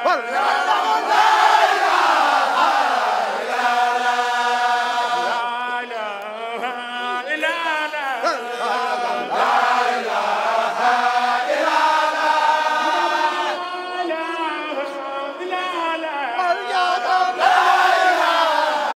Allah